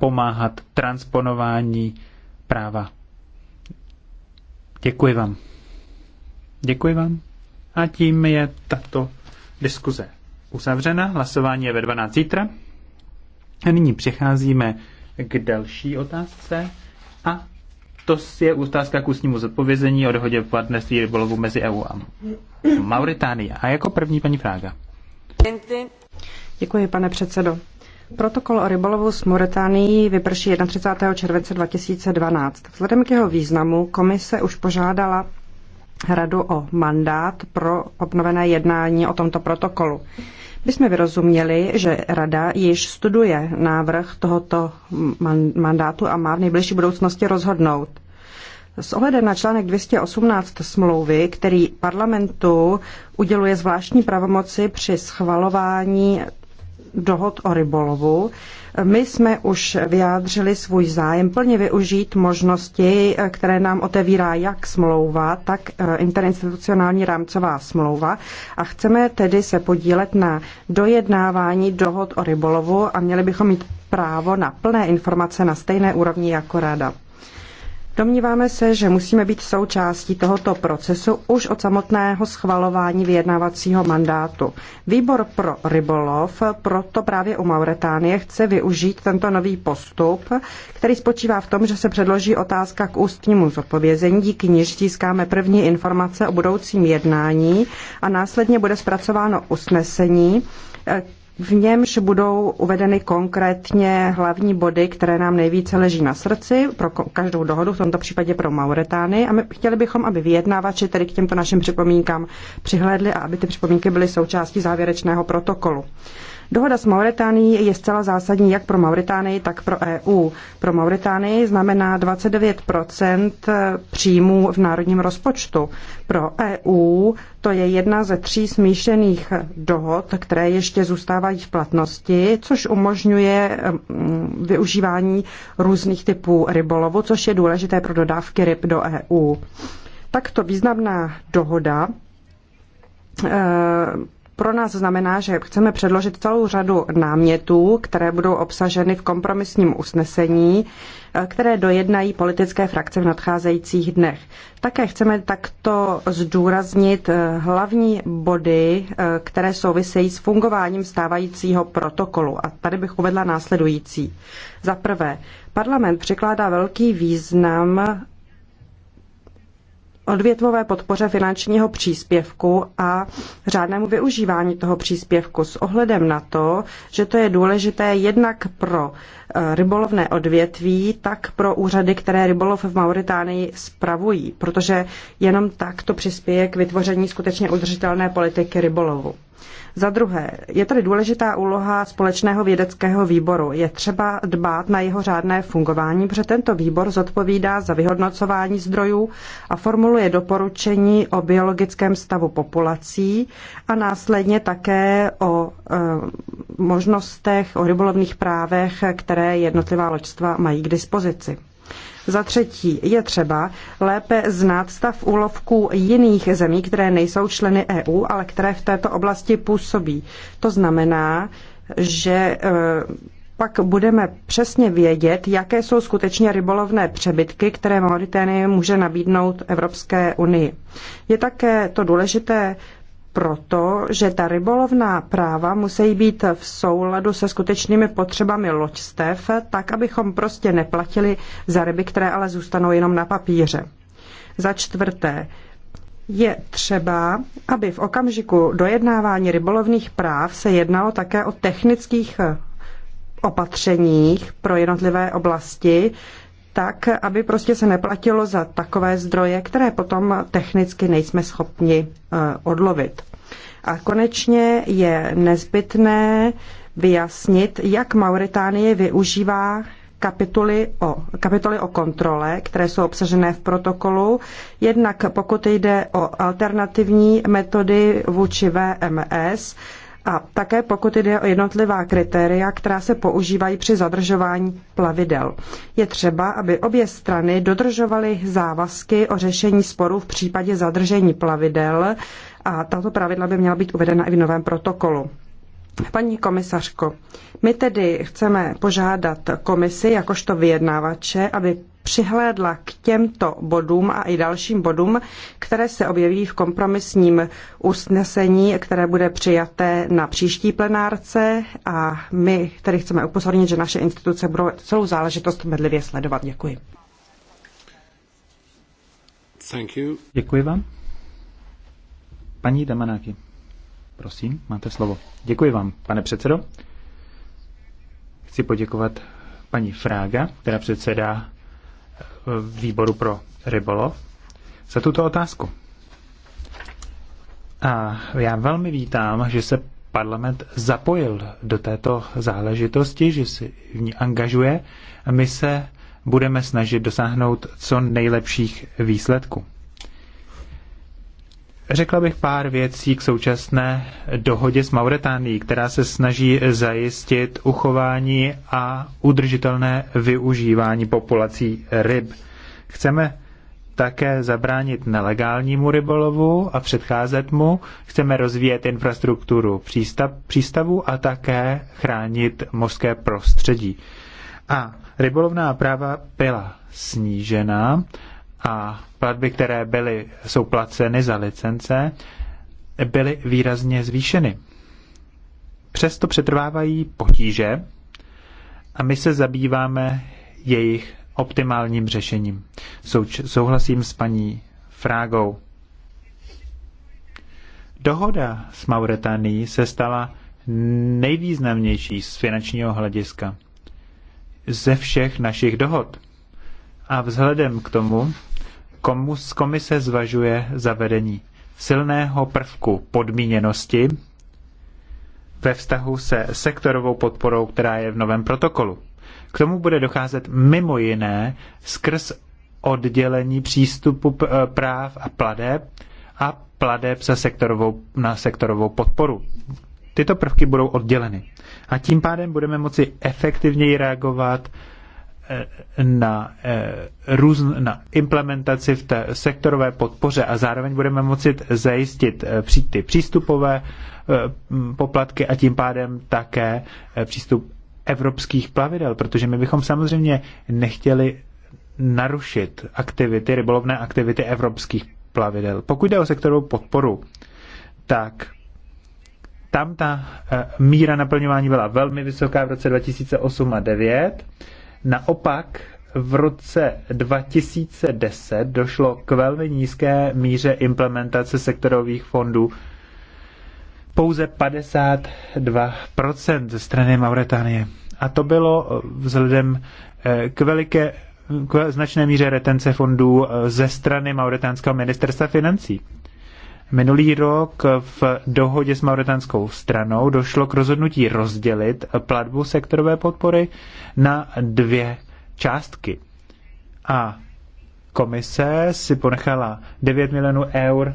pomáhat transponování práva. Děkuji vám. Děkuji vám. A tím je tato diskuze uzavřena. Hlasování je ve 12 zítra. A nyní přecházíme k další otázce. A to je otázka k ústnímu zodpovězení o dohodě v partnerství rybolovu mezi EU a Mauritánií. A jako první paní Frága. Děkuji, pane předsedo. Protokol o rybolovu s Mauritánií vyprší 31. července 2012. Vzhledem k jeho významu komise už požádala radu o mandát pro obnovené jednání o tomto protokolu. My jsme vyrozuměli, že rada již studuje návrh tohoto mandátu a má v nejbližší budoucnosti rozhodnout. S ohledem na článek 218 smlouvy, který parlamentu uděluje zvláštní pravomoci při schvalování dohod o rybolovu. My jsme už vyjádřili svůj zájem plně využít možnosti, eh, které nám otevírá jak smlouva, tak eh, interinstitucionální rámcová smlouva a chceme tedy se podílet na dojednávání dohod o rybolovu a měli bychom mít právo na plné informace na stejné úrovni jako rada. Domníváme se, že musíme být součástí tohoto procesu už od samotného schvalování vyjednávacího mandátu. Výbor pro rybolov proto právě u Mauretánie chce využít tento nový postup, který spočívá v tom, že se předloží otázka k ústnímu zodpovězení, díky níž získáme první informace o budoucím jednání a následně bude zpracováno usnesení, v němž budou uvedeny konkrétně hlavní body, které nám nejvíce leží na srdci pro každou dohodu, v tomto případě pro Mauretány. A my chtěli bychom, aby vyjednávači tedy k těmto našim připomínkám přihlédli a aby ty připomínky byly součástí závěrečného protokolu. Dohoda s Mauritánií je zcela zásadní jak pro Mauritánii, tak pro EU. Pro Mauritánii znamená 29 příjmů v národním rozpočtu. Pro EU to je jedna ze tří smíšených dohod, které ještě zůstávají v platnosti, což umožňuje mm, využívání různých typů rybolovu, což je důležité pro dodávky ryb do EU. Takto významná dohoda eh, pro nás znamená, že chceme předložit celou řadu námětů, které budou obsaženy v kompromisním usnesení, eh, které dojednají politické frakce v nadcházejících dnech. Také chceme takto zdůraznit eh, hlavní body, eh, které souvisejí s fungováním stávajícího protokolu. A tady bych uvedla následující. Za prvé, parlament přikládá velký význam odvětvové podpoře finančního příspěvku a řádnému využívání toho příspěvku s ohledem na to, že to je důležité jednak pro eh, rybolovné odvětví, tak pro úřady, které rybolov v Mauritánii spravují, protože jenom tak to přispěje k vytvoření skutečně udržitelné politiky rybolovu. Za druhé, je tady důležitá úloha společného vědeckého výboru. Je třeba dbát na jeho řádné fungování, protože tento výbor zodpovídá za vyhodnocování zdrojů a formuluje doporučení o biologickém stavu populací a následně také o e, možnostech, o rybolovných právech, které jednotlivá loďstva mají k dispozici. Za třetí je třeba lépe znát stav úlovků jiných zemí, které nejsou členy EU, ale které v této oblasti působí. To znamená, že e, pak budeme přesně vědět, jaké jsou skutečně rybolovné přebytky, které Mauritánie může nabídnout Evropské unii. Je také to důležité proto, že ta rybolovná práva musí být v souladu se skutečnými potřebami loďstev, tak abychom prostě neplatili za ryby, které ale zůstanou jenom na papíře. Za čtvrté, je třeba, aby v okamžiku dojednávání rybolovných práv se jednalo také o technických opatřeních pro jednotlivé oblasti, tak, aby prostě se neplatilo za takové zdroje, které potom technicky nejsme schopni eh, odlovit. A konečně je nezbytné vyjasnit, jak Mauritánie využívá kapitoly o, kapitoly o kontrole, které jsou obsažené v protokolu. Jednak pokud jde o alternativní metody vůči VMS, a také pokud jde o jednotlivá kritéria, která se používají při zadržování plavidel. Je třeba, aby obě strany dodržovaly závazky o řešení sporů v případě zadržení plavidel a tato pravidla by měla být uvedena i v novém protokolu. Paní komisařko, my tedy chceme požádat komisi jakožto vyjednávače, aby přihlédla k těmto bodům a i dalším bodům, které se objeví v kompromisním usnesení, které bude přijaté na příští plenárce a my tedy chceme upozornit, že naše instituce budou celou záležitost medlivě sledovat. Děkuji. Thank you. Děkuji vám. Paní Damanáky, prosím, máte slovo. Děkuji vám, pane předsedo. Chci poděkovat paní Frága, která předsedá eh, výboru pro rybolov, za tuto otázku. A já velmi vítám, že se parlament zapojil do této záležitosti, že si v ní angažuje a my se budeme snažit dosáhnout co nejlepších výsledků. Řekla bych pár věcí k současné dohodě s Mauretánií, která se snaží zajistit uchování a udržitelné využívání populací ryb. Chceme také zabránit nelegálnímu rybolovu a předcházet mu. Chceme rozvíjet infrastrukturu přístav, přístavu a také chránit mořské prostředí. A rybolovná práva byla snížena a platby, které byly, jsou placeny za licence, byly výrazně zvýšeny. Přesto přetrvávají potíže a my se zabýváme jejich optimálním řešením. Souč- souhlasím s paní Frágou. Dohoda s Mauretaní se stala nejvýznamnější z finančního hlediska ze všech našich dohod. A vzhledem k tomu, komus, komise zvažuje zavedení silného prvku podmíněnosti ve vztahu se sektorovou podporou, která je v novém protokolu. K tomu bude docházet mimo jiné skrz oddělení přístupu e, práv a pladeb a pladeb se sektorovou, na sektorovou podporu. Tyto prvky budou odděleny. A tím pádem budeme moci efektivněji reagovat Eh, na, eh, různ, na implementaci v té sektorové podpoře a zároveň budeme moci zajistit eh, ty přístupové poplatky a tím pádem také přístup evropských plavidel, protože my bychom samozřejmě nechtěli narušit aktivity, rybolovné aktivity evropských plavidel. Pokud jde o sektorovou podporu, tak tam ta míra naplňování byla velmi vysoká v roce 2008 a 2009 Naopak v roce 2010 došlo k velmi nízké míře implementace sektorových fondů. Pouze 52% ze strany Mauretánie. A to bylo eh, vzhledem eh, k veliké k značné míře retence fondů eh, ze strany Mauretánského ministerstva financí. Minulý rok v dohodě s mauritánskou stranou došlo k rozhodnutí rozdělit platbu sektorové podpory na dvě částky. A komise si ponechala 9 milionů eur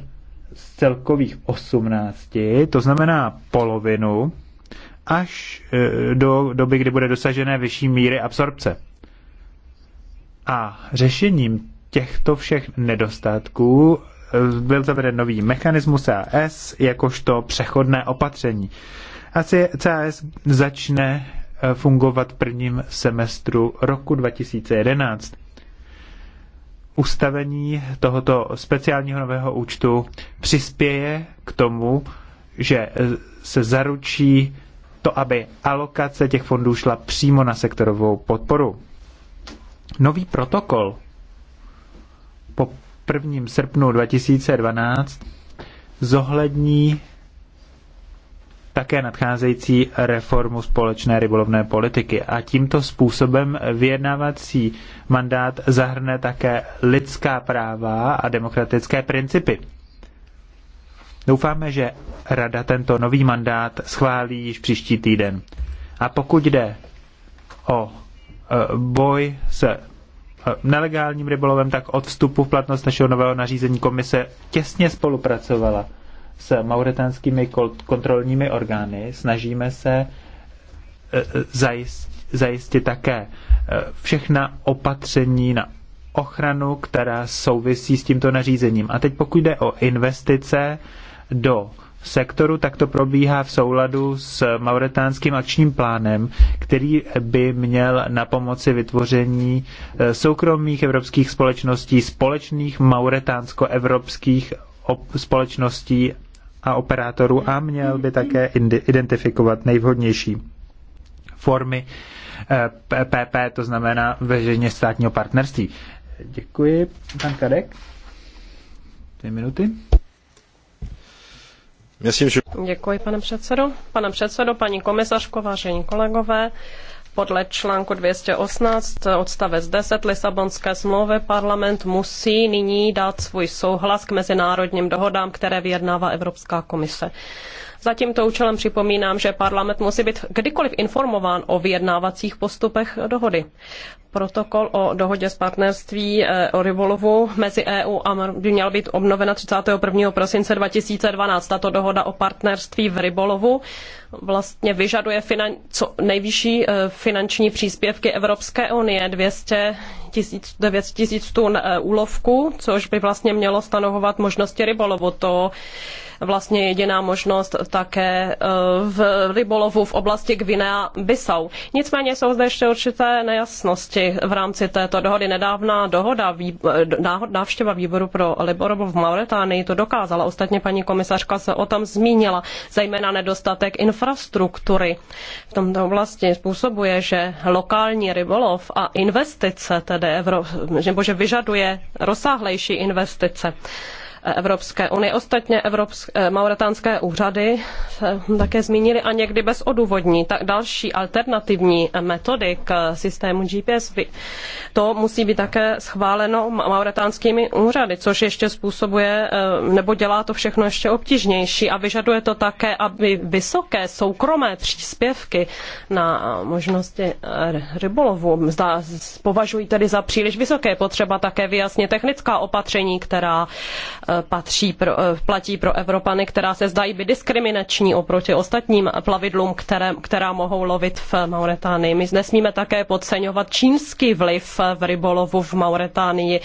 z celkových 18, to znamená polovinu, až e, do doby, kdy bude dosažené vyšší míry absorpce. A řešením těchto všech nedostatků Eh, byl zaveden nový mechanismus CAS jakožto přechodné opatření. A CAS začne eh, fungovat v prvním semestru roku 2011. Ustavení tohoto speciálního nového účtu přispěje k tomu, že eh, se zaručí to, aby alokace těch fondů šla přímo na sektorovou podporu. Nový protokol po 1. srpnu 2012 zohlední také nadcházející reformu společné rybolovné politiky. A tímto způsobem vyjednávací mandát zahrne také lidská práva a demokratické principy. Doufáme, že Rada tento nový mandát schválí již příští týden. A pokud jde o e, boj s nelegálním rybolovem, tak od vstupu v platnost našeho nového nařízení komise těsně spolupracovala s mauretánskými kontrolními orgány. Snažíme se e, e, zajistit, zajistit také e, všechna opatření na ochranu, která souvisí s tímto nařízením. A teď pokud jde o investice do sektoru, tak to probíhá v souladu s mauretánským akčním plánem, který by měl na pomoci vytvoření eh, soukromých evropských společností, společných mauretánsko-evropských společností a operátorů a měl by také identifikovat nejvhodnější formy PP, eh, to znamená veřejně státního partnerství. Děkuji. Pan Kadek. Dvě minuty. Děkuji, pane předsedo. Pane předsedo, paní komisařko, vážení kolegové, podle článku 218 odstavec 10 Lisabonské smlouvy parlament musí nyní dát svůj souhlas k mezinárodním dohodám, které vyjednává Evropská komise. Za tímto účelem připomínám, že parlament musí být kdykoliv informován o vyjednávacích postupech dohody protokol o dohodě s partnerství eh, o rybolovu mezi EU a by měla být obnovena 31. prosince 2012. Tato dohoda o partnerství v rybolovu vlastně vyžaduje finan- co nejvyšší eh, finanční příspěvky Evropské unie 200 tisíc, 9 tisíc tun eh, úlovku, což by vlastně mělo stanovovat možnosti rybolovu. To vlastně jediná možnost také eh, v rybolovu v oblasti Gvinea Bissau. Nicméně jsou zde ještě určité nejasnosti v rámci této dohody. Nedávná dohoda, eh, návštěva výboru pro rybolov v Mauretánii to dokázala. Ostatně paní komisařka se o tom zmínila. Zejména nedostatek infrastruktury v tomto oblasti způsobuje, že lokální rybolov a investice, tedy Evro, nebo že vyžaduje rozsáhlejší investice. Evropské unie. Ostatně evropské, eh, mauretánské úřady také zmínili a někdy bez odůvodní. Tak další alternativní metody k systému GPS by, to musí být také schváleno mauretánskými úřady, což ještě způsobuje eh, nebo dělá to všechno ještě obtížnější a vyžaduje to také, aby vysoké soukromé příspěvky na možnosti eh, rybolovu zda, považují tedy za příliš vysoké. Potřeba také vyjasnit technická opatření, která patří pro, eh, platí pro Evropany, která se zdají být diskriminační oproti ostatním plavidlům, které, která mohou lovit v Mauretánii. My nesmíme také podceňovat čínský vliv v rybolovu v Mauretánii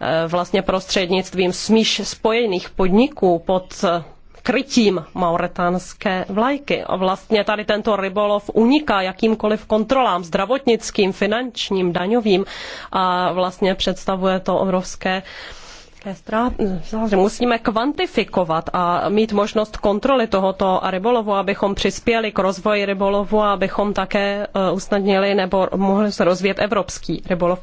eh, vlastně prostřednictvím smíš spojených podniků pod eh, krytím mauretánské vlajky. Vlastně tady tento rybolov uniká jakýmkoliv kontrolám, zdravotnickým, finančním, daňovým a vlastně představuje to obrovské uh, hospodářské ztráty. Musíme kvantifikovat a mít možnost kontroly tohoto rybolovu, abychom přispěli k rozvoji rybolovu a abychom také eh, usnadnili nebo mohli se rozvíjet evropský rybolov.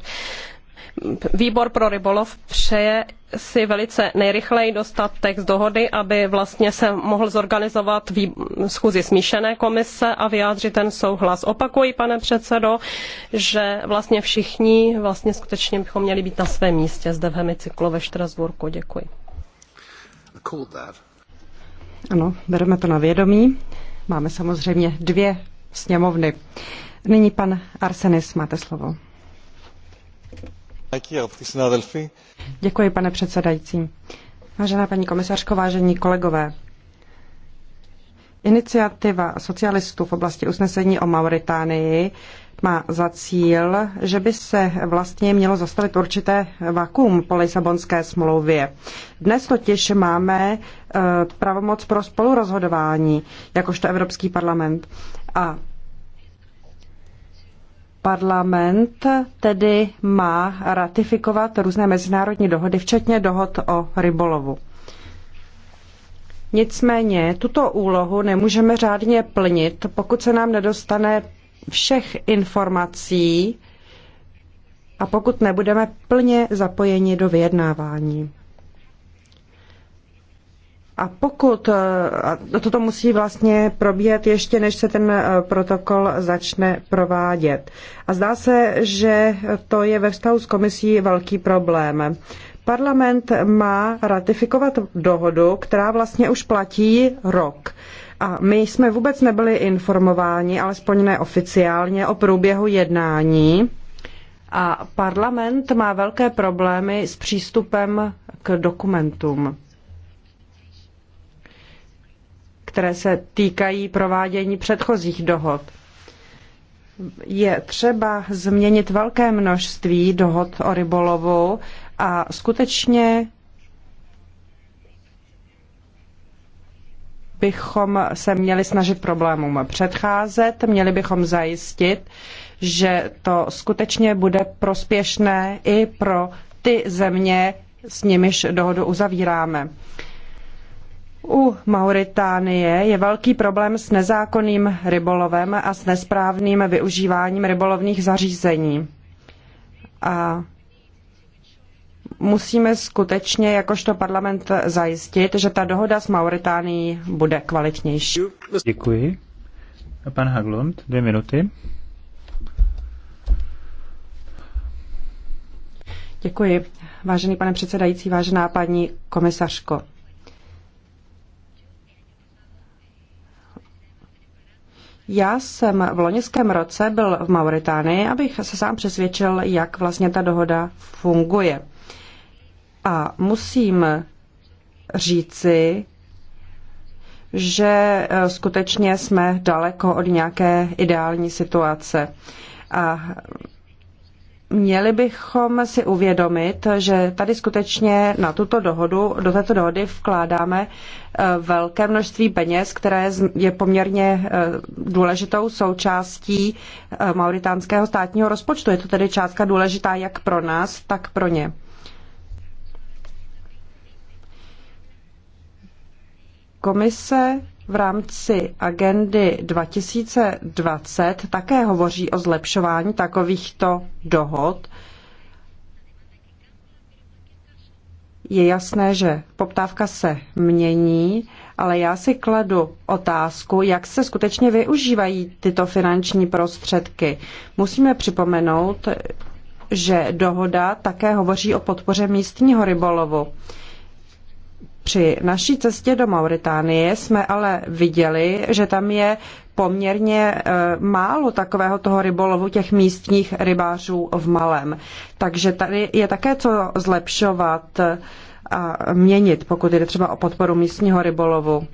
Výbor pro rybolov přeje si velice nejrychleji dostat text dohody, aby vlastně se mohl zorganizovat vý... schůzi smíšené komise a vyjádřit ten souhlas. Opakuji, pane předsedo, že vlastně všichni vlastně skutečně bychom měli být na svém místě zde v hemicyklu ve Štrasburku. Děkuji. Ano, bereme to na vědomí. Máme samozřejmě dvě sněmovny. Nyní pan Arsenis, máte slovo. Děkuji, pane předsedající. Vážená paní komisařko, vážení kolegové, Iniciativa socialistů v oblasti usnesení o Mauritánii má za cíl, že by se vlastně mělo zastavit určité vakuum po Lisabonské smlouvě. Dnes totiž máme eh, pravomoc pro spolurozhodování, jakožto Evropský parlament. A Parlament tedy má ratifikovat různé mezinárodní dohody, včetně dohod o rybolovu. Nicméně tuto úlohu nemůžeme řádně plnit, pokud se nám nedostane všech informací a pokud nebudeme plně zapojeni do vyjednávání. A pokud, eh, a toto musí vlastně probíhat ještě, než se ten eh, protokol začne provádět. A zdá se, že to je ve vztahu s komisí velký problém. Parlament má ratifikovat dohodu, která vlastně už platí rok. A my jsme vůbec nebyli informováni, alespoň neoficiálně, o průběhu jednání. A parlament má velké problémy s přístupem k dokumentům které se týkají provádění předchozích dohod. Je třeba změnit velké množství dohod o rybolovu a skutečně bychom se měli snažit problémům předcházet, měli bychom zajistit, že to skutečně bude prospěšné i pro ty země, s nimiž dohodu uzavíráme. U Mauritánie je velký problém s nezákonným rybolovem a s nesprávným využíváním rybolovných zařízení. A musíme skutečně jakožto parlament zajistit, že ta dohoda s Mauritánií bude kvalitnější. Děkuji. A pan Haglund, dvě minuty. Děkuji. Vážený pane předsedající, vážená paní komisařko. Já jsem v loňském roce byl v Mauritánii, abych se sám přesvědčil, jak vlastně ta dohoda funguje. A musím říci, že e, skutečně jsme daleko od nějaké ideální situace. A měli bychom si uvědomit, že tady skutečně na tuto dohodu, do této dohody vkládáme eh, velké množství peněz, které je poměrně eh, důležitou součástí eh, mauritánského státního rozpočtu. Je to tedy částka důležitá jak pro nás, tak pro ně. Komise v rámci agendy 2020 také hovoří o zlepšování takovýchto dohod. Je jasné, že poptávka se mění, ale já si kladu otázku, jak se skutečně využívají tyto finanční prostředky. Musíme připomenout, že dohoda také hovoří o podpoře místního rybolovu. Při naší cestě do Mauritánie jsme ale viděli, že tam je poměrně e, málo takového toho rybolovu těch místních rybářů v malém. Takže tady je také co zlepšovat a měnit, pokud jde třeba o podporu místního rybolovu.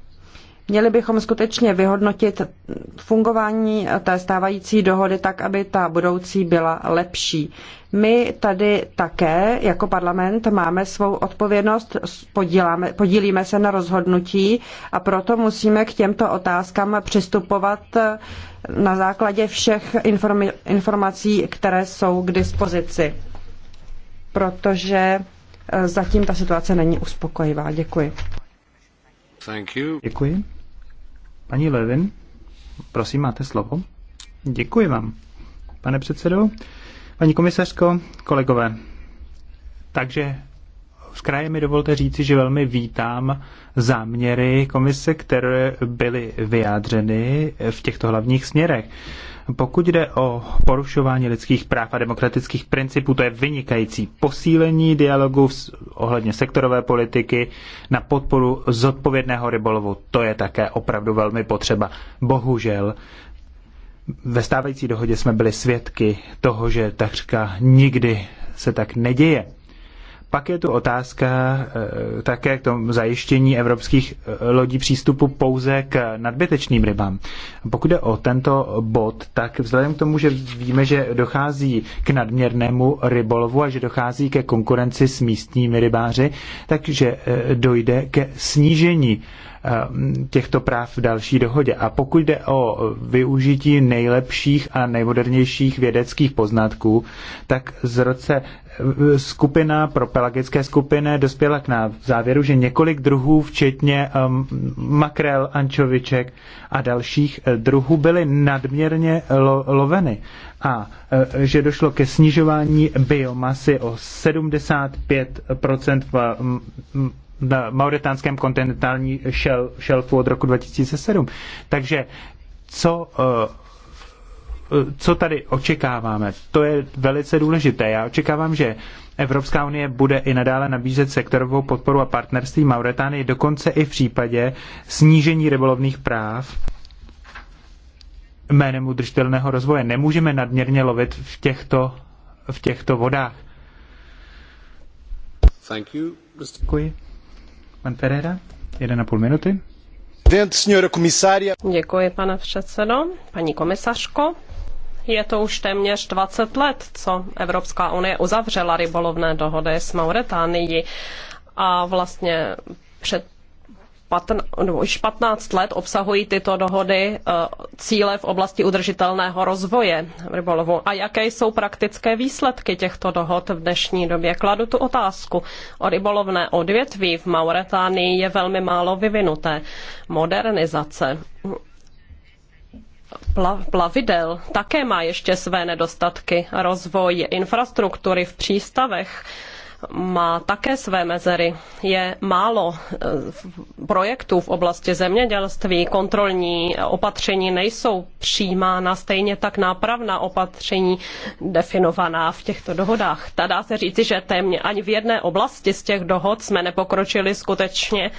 Měli bychom skutečně vyhodnotit fungování té stávající dohody tak, aby ta budoucí byla lepší. My tady také jako parlament máme svou odpovědnost, podílíme se na rozhodnutí a proto musíme k těmto otázkám přistupovat eh, na základě všech informací, které jsou k dispozici. Protože eh, zatím ta situace není uspokojivá. Děkuji. Děkuji. Paní Levin, prosím, máte slovo. Děkuji vám, pane předsedo. Paní komisařko, kolegové, takže z kraje mi dovolte říci, že velmi vítám záměry komise, které byly vyjádřeny v těchto hlavních směrech. Pokud jde o porušování lidských práv a demokratických principů, to je vynikající posílení dialogu ohledně sektorové politiky, na podporu zodpovědného rybolovu. To je také opravdu velmi potřeba. Bohužel ve stávající dohodě jsme byli svědky toho, že takřka nikdy se tak neděje. Pak je tu otázka eh, také k tomu zajištění evropských eh, lodí přístupu pouze k nadbytečným rybám. Pokud je o tento bod, tak vzhledem k tomu, že víme, že dochází k nadměrnému rybolovu a že dochází ke konkurenci s místními rybáři, takže eh, dojde ke snížení těchto práv v další dohodě. A pokud jde o využití nejlepších a nejmodernějších vědeckých poznatků, tak z, roce, skupina pro pelagické skupiny dospěla k závěru, že několik druhů, včetně um, makrel, ančoviček a dalších eh, druhů, byly nadměrně lo- loveny a eh, že došlo ke snižování biomasy o 75 v na mauritánském kontinentální šel, šelfu od roku 2007. Takže co eh, co tady očekáváme, to je velice důležité. Já očekávám, že Evropská unie bude i nadále nabízet sektorovou podporu a partnerství Mauretánii, dokonce i v případě snížení rybolovných práv jménem udržitelného rozvoje. Nemůžeme nadměrně lovit v těchto, v těchto vodách. Thank you, Mr. Děkuji. Pan Ferreira, půl minuty. Děkuji, pane předsedo, paní komisařko. Je to už téměř 20 let, co Evropská unie uzavřela rybolovné dohody s Mauretánií a vlastně před nebo už 15 let obsahují tyto dohody e, cíle v oblasti udržitelného rozvoje rybolovu. A jaké jsou praktické výsledky těchto dohod v dnešní době? Kladu tu otázku. O rybolovné odvětví v Mauretánii je velmi málo vyvinuté. Modernizace plavidel také má ještě své nedostatky. Rozvoj infrastruktury v přístavech má také své mezery. Je málo eh, projektů v oblasti zemědělství, kontrolní opatření nejsou přijímána, stejně tak nápravná opatření definovaná v těchto dohodách. Ta dá se říci, že téměř ani v jedné oblasti z těch dohod jsme nepokročili skutečně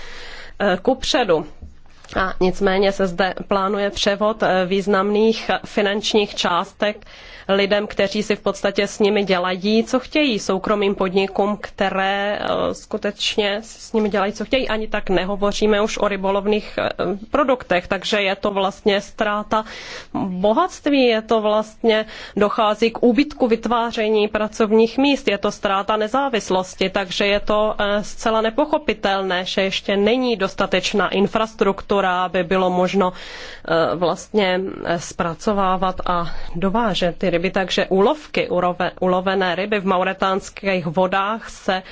eh, kupředu a nicméně se zde plánuje převod eh, významných finančních částek lidem, kteří si v podstatě s nimi dělají, co chtějí, soukromým podnikům, které eh, skutečně s nimi dělají, co chtějí. Ani tak nehovoříme už o rybolovných eh, produktech, takže je to vlastně ztráta bohatství, je to vlastně, dochází k úbytku vytváření pracovních míst, je to ztráta nezávislosti, takže je to zcela nepochopitelné, že ještě není dostatečná infrastruktura která aby bylo možno eh, vlastně eh, zpracovávat a dovážet ty ryby. Takže úlovky, ulovené ryby v mauretánských vodách se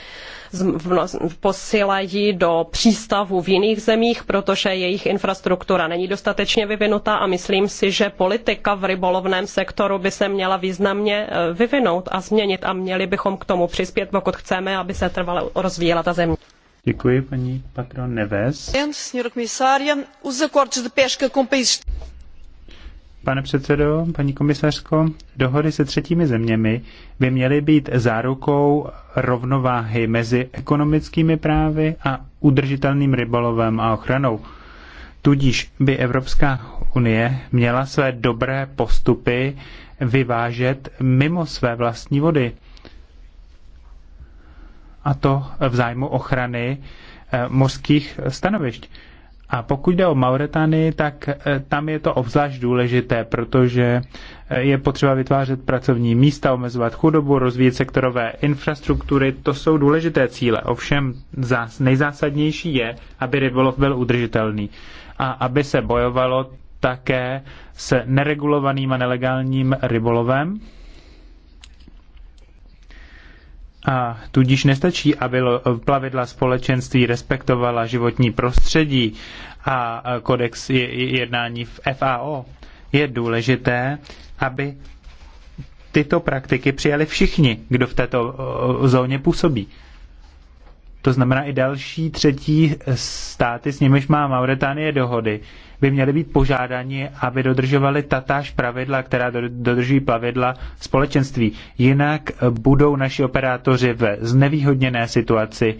no, posílají do přístavů v jiných zemích, protože jejich infrastruktura není dostatečně vyvinutá a myslím si, že politika v rybolovném sektoru by se měla významně eh, vyvinout a změnit a měli bychom k tomu přispět, pokud chceme, aby se trvale rozvíjela ta země. Děkuji, paní patron Neves. Pane předsedo, paní komisařko, dohody se třetími zeměmi by měly být zárukou rovnováhy mezi ekonomickými právy a udržitelným rybolovem a ochranou. Tudíž by Evropská unie měla své dobré postupy vyvážet mimo své vlastní vody a to v zájmu ochrany eh, mořských stanovišť. A pokud jde o Mauretánii, tak eh, tam je to obzvlášť důležité, protože eh, je potřeba vytvářet pracovní místa, omezovat chudobu, rozvíjet sektorové infrastruktury. To jsou důležité cíle. Ovšem nejzásadnější je, aby rybolov byl udržitelný a aby se bojovalo také s neregulovaným a nelegálním rybolovem A tudíž nestačí, aby plavidla společenství respektovala životní prostředí a kodex jednání v FAO. Je důležité, aby tyto praktiky přijali všichni, kdo v této zóně působí. To znamená i další třetí státy, s nimiž má Mauritánie dohody, by měli být požádáni, aby dodržovali tatáž pravidla, která dodržují pravidla společenství. Jinak budou naši operátoři ve znevýhodněné situaci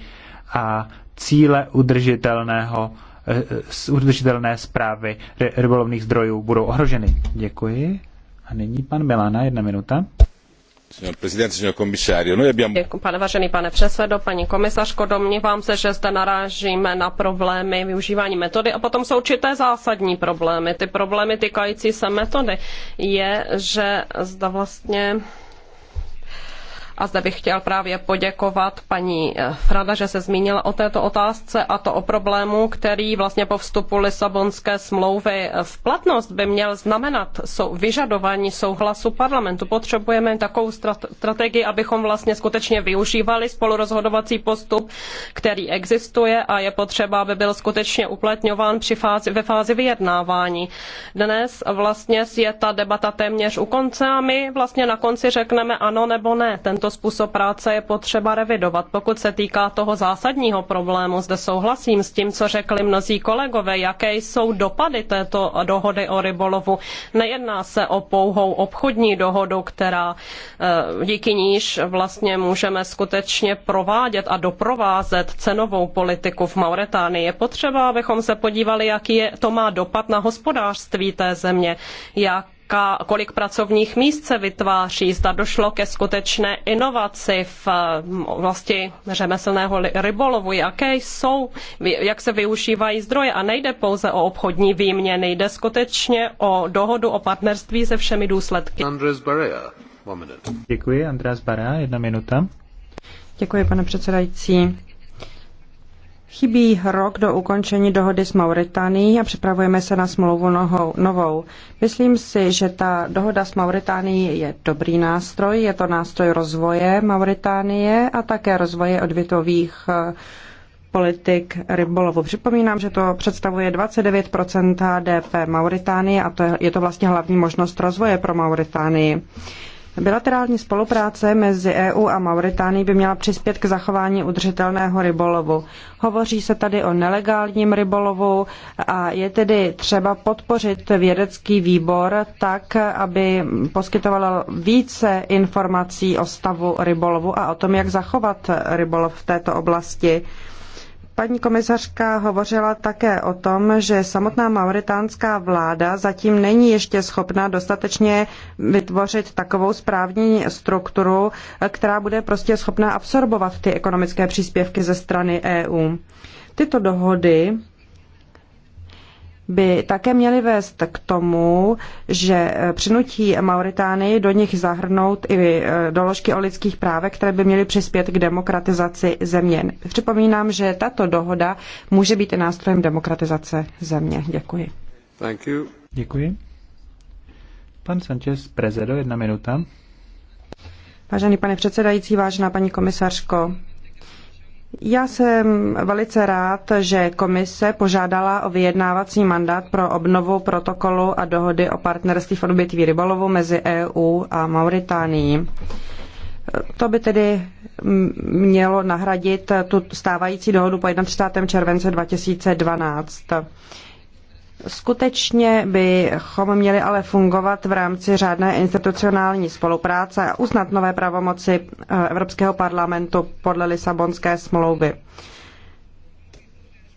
a cíle udržitelného eh, udržitelné zprávy rybolovných zdrojů budou ohroženy. Děkuji. A nyní pan Milana, jedna minuta. Vážený pane předsedo, paní komisařko, domnívám se, že zde narážíme na problémy využívání metody a potom jsou určité zásadní problémy. Ty problémy týkající se metody je, že zda vlastně a zde bych chtěl právě poděkovat paní eh, Frada, že se zmínila o této otázce a to o problému, který vlastně po vstupu Lisabonské smlouvy eh, v platnost by měl znamenat jsou vyžadování souhlasu parlamentu. Potřebujeme takovou strategii, abychom vlastně skutečně využívali spolurozhodovací postup, který existuje a je potřeba, aby byl skutečně uplatňován při fázi, ve fázi vyjednávání. Dnes vlastně je ta debata téměř u konce a my vlastně na konci řekneme ano nebo ne. Tento tento způsob práce je potřeba revidovat. Pokud se týká toho zásadního problému, zde souhlasím s tím, co řekli mnozí kolegové, jaké jsou dopady této dohody o rybolovu. Nejedná se o pouhou obchodní dohodu, která eh, díky níž vlastně můžeme skutečně provádět a doprovázet cenovou politiku v Mauretánii. Je potřeba, abychom se podívali, jaký je, to má dopad na hospodářství té země, jak kolika, kolik pracovních míst se vytváří, zda došlo ke skutečné inovaci v vlasti mm, řemeslného rybolovu, jaké jsou, jak se využívají zdroje a nejde pouze o obchodní výměny, jde skutečně o dohodu o partnerství se všemi důsledky. Andres Barea, Děkuji, András Bara, jedna minuta. Děkuji, pane předsedající. Chybí rok do ukončení dohody s Mauritánií a připravujeme se na smlouvu nohou, novou. Myslím si, že ta dohoda s Mauritánií je dobrý nástroj. Je to nástroj rozvoje Mauritánie a také rozvoje odvětových eh, politik rybolovu. Připomínám, že to představuje 29 HDP Mauritánie a to je, je to vlastně hlavní možnost rozvoje pro Mauritánii. Bilaterální spolupráce mezi EU a Mauritánií by měla přispět k zachování udržitelného rybolovu. Hovoří se tady o nelegálním rybolovu a je tedy třeba podpořit vědecký výbor tak, aby poskytoval více informací o stavu rybolovu a o tom, jak zachovat rybolov v této oblasti. Paní komisařka hovořila také o tom, že samotná mauritánská vláda zatím není ještě schopna dostatečně vytvořit takovou správní strukturu, která bude prostě schopna absorbovat ty ekonomické příspěvky ze strany EU. Tyto dohody by také měly vést k tomu, že eh, přinutí Mauritánii do nich zahrnout i eh, doložky o lidských právech, které by měly přispět k demokratizaci země. Připomínám, že tato dohoda může být i nástrojem demokratizace země. Děkuji. Thank you. Děkuji. Pan Sanchez, prezedo, jedna minuta. Vážený pane předsedající, vážená paní komisařko, já jsem velice rád, že komise požádala o vyjednávací mandát pro obnovu protokolu a dohody o partnerství v odvětví rybolovu mezi EU a Mauritánií. To by tedy mělo nahradit tu stávající dohodu po 31. července 2012. Skutečně bychom měli ale fungovat v rámci řádné institucionální spolupráce a uznat nové pravomoci eh, Evropského parlamentu podle Lisabonské smlouvy.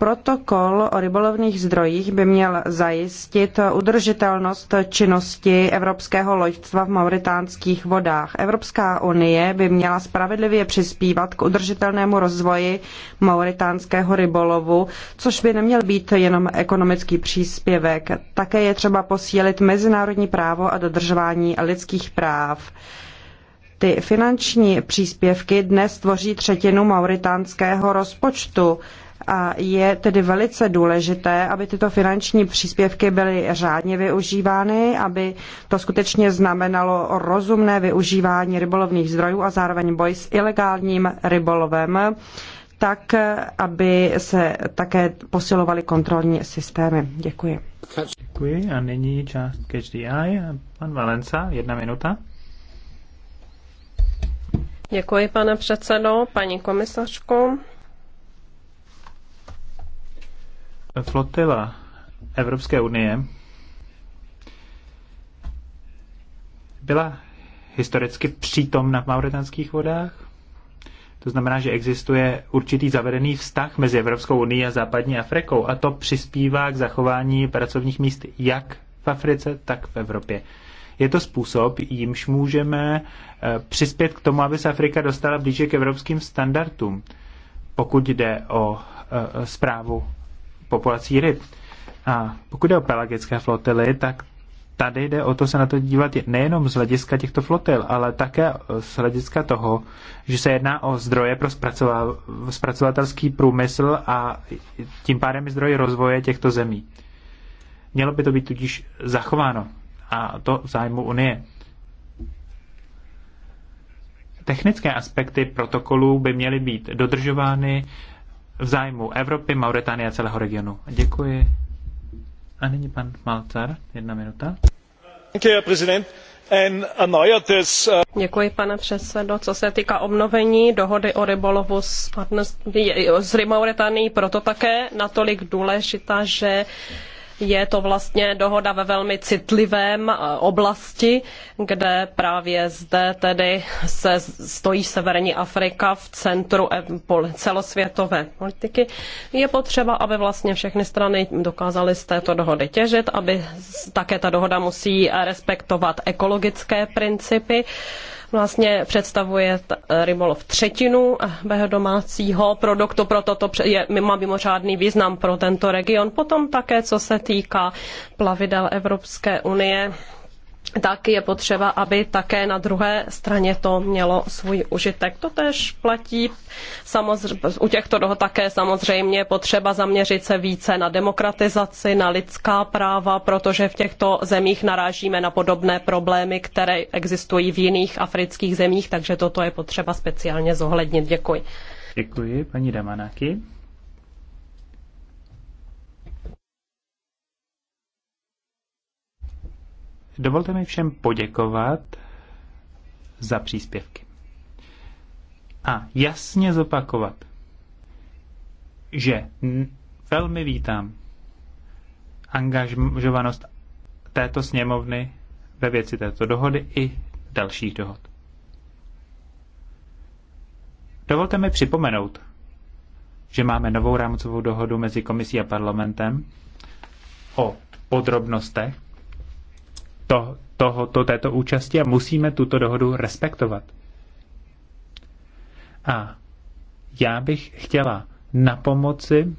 Protokol o rybolovných zdrojích by měl zajistit udržitelnost činnosti evropského loďstva v mauritánských vodách. Evropská unie by měla spravedlivě přispívat k udržitelnému rozvoji mauritánského rybolovu, což by neměl být jenom ekonomický příspěvek. Také je třeba posílit mezinárodní právo a dodržování lidských práv. Ty finanční příspěvky dnes tvoří třetinu mauritánského rozpočtu a je tedy velice důležité, aby tyto finanční příspěvky byly řádně využívány, aby to skutečně znamenalo rozumné využívání rybolovných zdrojů a zároveň boj s ilegálním rybolovem, tak aby se také posilovaly kontrolní systémy. Děkuji. Děkuji a nyní část HDI. Pan Valenca, jedna minuta. Děkuji, pane předsedo, paní komisařko. Flotila Evropské unie byla historicky přítomna v mauritánských vodách. To znamená, že existuje určitý zavedený vztah mezi Evropskou unii a západní Afrikou a to přispívá k zachování pracovních míst jak v Africe, tak v Evropě. Je to způsob, jimž můžeme eh, přispět k tomu, aby se Afrika dostala blíže k evropským standardům, pokud jde o zprávu eh, eh, populací ryb. A pokud jde o pelagické flotily, tak tady jde o to se na to dívat nejenom z hlediska těchto flotil, ale také z hlediska toho, že se jedná o zdroje pro zpracovatelský průmysl a tím pádem i zdroje rozvoje těchto zemí. Mělo by to být tudíž zachováno a to v zájmu Unie. Technické aspekty protokolů by měly být dodržovány v zájmu Evropy, Mauritánie a celého regionu. Děkuji. A nyní pan Malcar, jedna minuta. Uh, Děkuji, pane předsedo. Co se týká obnovení dohody o rybolovu s, s Mauritánií, proto také natolik důležitá, že je to vlastně dohoda ve velmi citlivém eh, oblasti, kde právě zde tedy se stojí Severní Afrika v centru eh, celosvětové politiky. Je potřeba, aby vlastně všechny strany dokázaly z této dohody těžit, aby také ta dohoda musí eh, respektovat ekologické principy. Vlastně představuje rybolov třetinu domácího produktu, proto to je, má mimořádný význam pro tento region. Potom také, co se týká plavidel Evropské unie, tak je potřeba, aby také na druhé straně to mělo svůj užitek. To tež platí samozřejmě, u těchto dohod také samozřejmě je potřeba zaměřit se více na demokratizaci, na lidská práva, protože v těchto zemích narážíme na podobné problémy, které existují v jiných afrických zemích, takže toto je potřeba speciálně zohlednit. Děkuji. Děkuji, paní Damanaki. Dovolte mi všem poděkovat za příspěvky. A jasně zopakovat, že velmi vítám angažovanost této sněmovny ve věci této dohody i dalších dohod. Dovolte mi připomenout, že máme novou rámcovou dohodu mezi komisí a parlamentem o podrobnostech to, to, této účasti a musíme tuto dohodu respektovat. A já bych chtěla na pomoci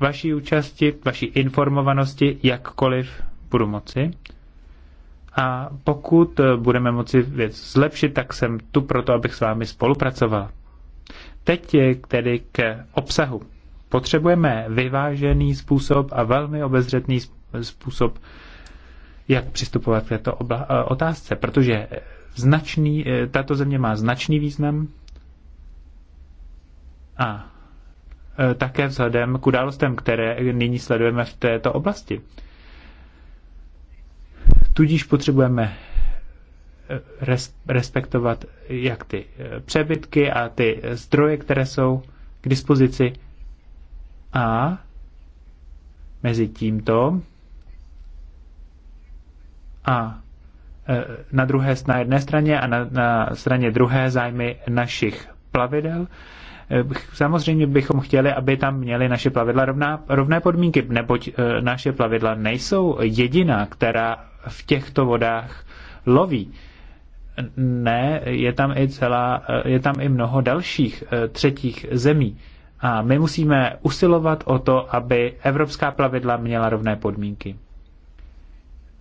vaší účasti, vaší informovanosti, jakkoliv budu moci. A pokud budeme moci věc zlepšit, tak jsem tu proto, abych s vámi spolupracovala. Teď je tedy k obsahu. Potřebujeme vyvážený způsob a velmi obezřetný způsob jak přistupovat k této eh, otázce, protože značný, eh, tato země má značný význam a eh, také vzhledem k událostem, které nyní sledujeme v této oblasti. Tudíž potřebujeme respektovat jak ty přebytky a ty zdroje, které jsou k dispozici a mezi tímto a e, na, druhé, na jedné straně a na, na straně druhé zájmy našich plavidel. E, samozřejmě bychom chtěli, aby tam měly naše plavidla rovná, rovné podmínky, neboť e, naše plavidla nejsou jediná, která v těchto vodách loví. Ne, je tam i celá, je tam i mnoho dalších třetích zemí. A my musíme usilovat o to, aby evropská plavidla měla rovné podmínky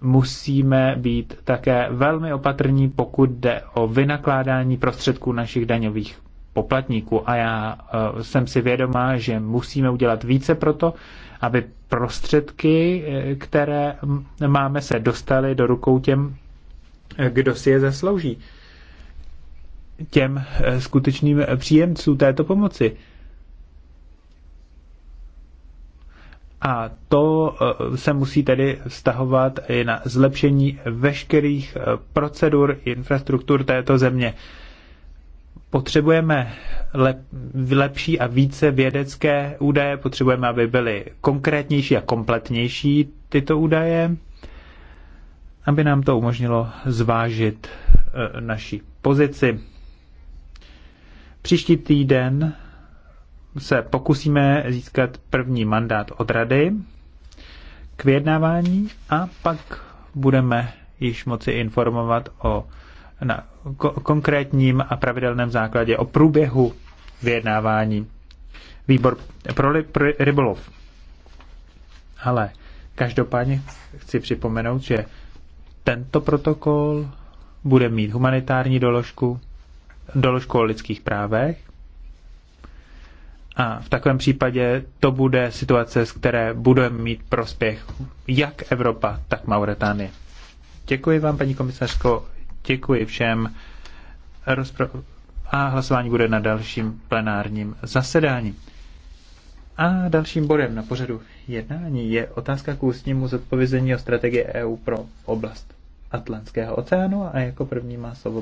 musíme být také velmi opatrní, pokud jde o vynakládání prostředků našich daňových poplatníků. A já eh, jsem si vědomá, že musíme udělat více proto, aby prostředky, eh, které máme, se dostaly do rukou těm, eh, kdo si je zaslouží. Těm skutečným příjemcům této pomoci. A to eh, se musí tedy vztahovat i na zlepšení veškerých eh, procedur infrastruktur této země. Potřebujeme lep, lepší a více vědecké údaje, potřebujeme, aby byly konkrétnější a kompletnější tyto údaje, aby nám to umožnilo zvážit eh, naší pozici. Příští týden se pokusíme získat první mandát od rady k vyjednávání a pak budeme již moci informovat o na ko- konkrétním a pravidelném základě o průběhu vyjednávání. Výbor pro, li- pro rybolov. Ale každopádně chci připomenout, že tento protokol bude mít humanitární doložku, doložku o lidských právech a v takovém případě to bude situace, z které budeme mít prospěch jak Evropa, tak Mauretánie. Děkuji vám, paní komisařko, děkuji všem. Rozpro- a hlasování bude na dalším plenárním zasedání. A dalším bodem na pořadu jednání je otázka k ústnímu zodpovězení o strategii EU pro oblast Atlantského oceánu a jako první má slovo